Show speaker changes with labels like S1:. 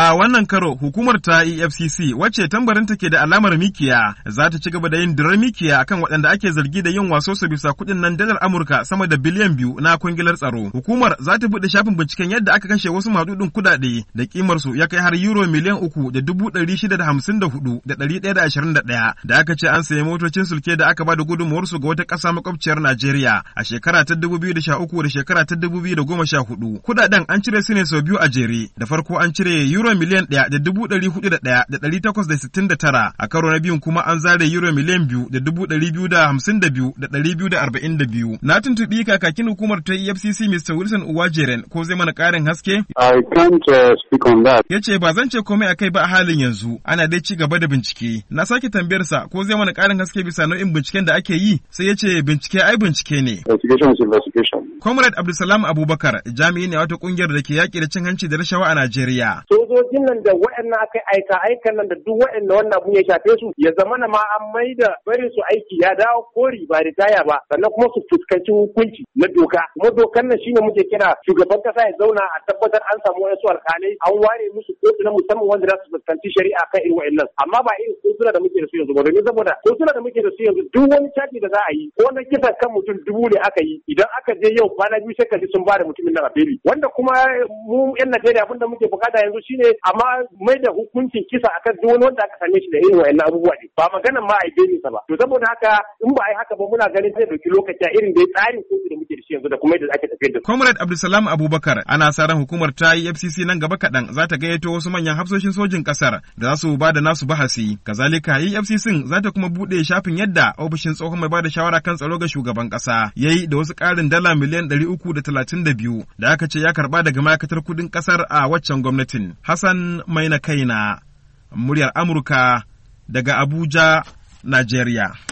S1: A wannan karo hukumar ta EFCC wacce tambarinta ke da alamar mikiya za ta ci gaba da yin dirar mikiya akan waɗanda ake zargi da yin waso su bisa kuɗin nan dalar Amurka sama da biliyan biyu na kungilar tsaro. Hukumar za ta buɗe shafin binciken yadda aka kashe wasu madudin kuɗaɗe da kimar su ya kai har euro miliyan uku da dubu ɗari shida da hamsin da hudu da ɗari ɗaya da ashirin da ɗaya da aka ce an sayi motocin sulke da aka ba da gudunmuwar su ga wata ƙasa makwabciyar Najeriya a shekara ta dubu biyu da sha uku da shekara ta dubu biyu goma sha Kuɗaɗen an cire su ne sau biyu a jere da farko an cire euro euro miliyan ɗaya sittin da a karo na biyun kuma an zare euro miliyan biyu Na tuntuɓi kakakin hukumar ta EFCC Mr. Wilson Uwajeren ko zai mana ƙarin haske? I can't uh, speak on that. Ya ce ba zan ce komai a kai ba a halin yanzu ana dai ci gaba da bincike. Na sake tambayar sa ko zai mana ƙarin haske bisa nau'in binciken da ake yi sai ya ce bincike ai bincike ne. Investigation is investigation. Comrade Abdulsalam Abubakar jami'i ne wata ƙungiyar da ke yaƙi da cin hanci da rashawa a Najeriya.
S2: Sojoji sojojin nan da waɗannan aka aika aikan nan da duk waɗanda wannan abun ya shafe su ya zama na ma an maida barin su aiki ya dawo kori ba ritaya ba sannan kuma su fuskanci hukunci na doka kuma dokan nan shine muke kira shugaban kasa ya zauna a tabbatar an samu wasu alkalai an ware musu kotu na musamman wanda za su fuskanci shari'a kan irin waɗannan amma ba irin kotuna da muke da su yanzu ba domin saboda kotuna da muke da su yanzu duk wani caji da za a yi ko na kisa kan mutum dubu ne aka yi idan aka je yau kwana biyu shekaru sun ba da mutumin nan a wanda kuma mu 'yan Najeriya abinda muke bukata yanzu shi ne amma mai da hukuncin kisa akan duk wani wanda aka same shi da irin wayannan abubuwa ne ba maganan ma a yi sa ba to saboda haka in ba a yi haka ba muna ganin zai dauki lokaci a irin da tsarin kotu da muke da shi yanzu
S1: da kuma yadda ake tafiyar da Comrade Abdulsalam Abubakar ana sa ran hukumar ta yi FCC nan gaba kaɗan za ta gayyato wasu manyan hafsoshin sojin ƙasar da za su ba da nasu bahasi kazalika yi FCC za ta kuma buɗe shafin yadda ofishin tsohon mai ba da shawara kan tsaro ga shugaban ƙasa ya yi da wasu ƙarin dala miliyan ɗari uku da talatin da biyu da aka ce ya karɓa daga ma'aikatar kuɗin ƙasar a waccan gwamnatin. Hassan Maina Kaina, muryar Amurka daga Abuja, Najeriya.